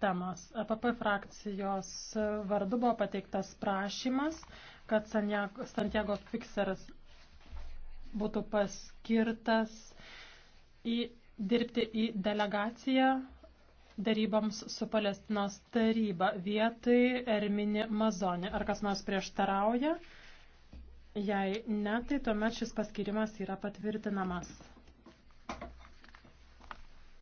temos. APP frakcijos vardu buvo pateiktas prašymas, kad Santiago Fixeras būtų paskirtas į, dirbti į delegaciją daryboms su Palestinos taryba vietoj Ermini Mazonė. Ar kas nors prieštarauja? Jei ne, tai tuomet šis paskirimas yra patvirtinamas.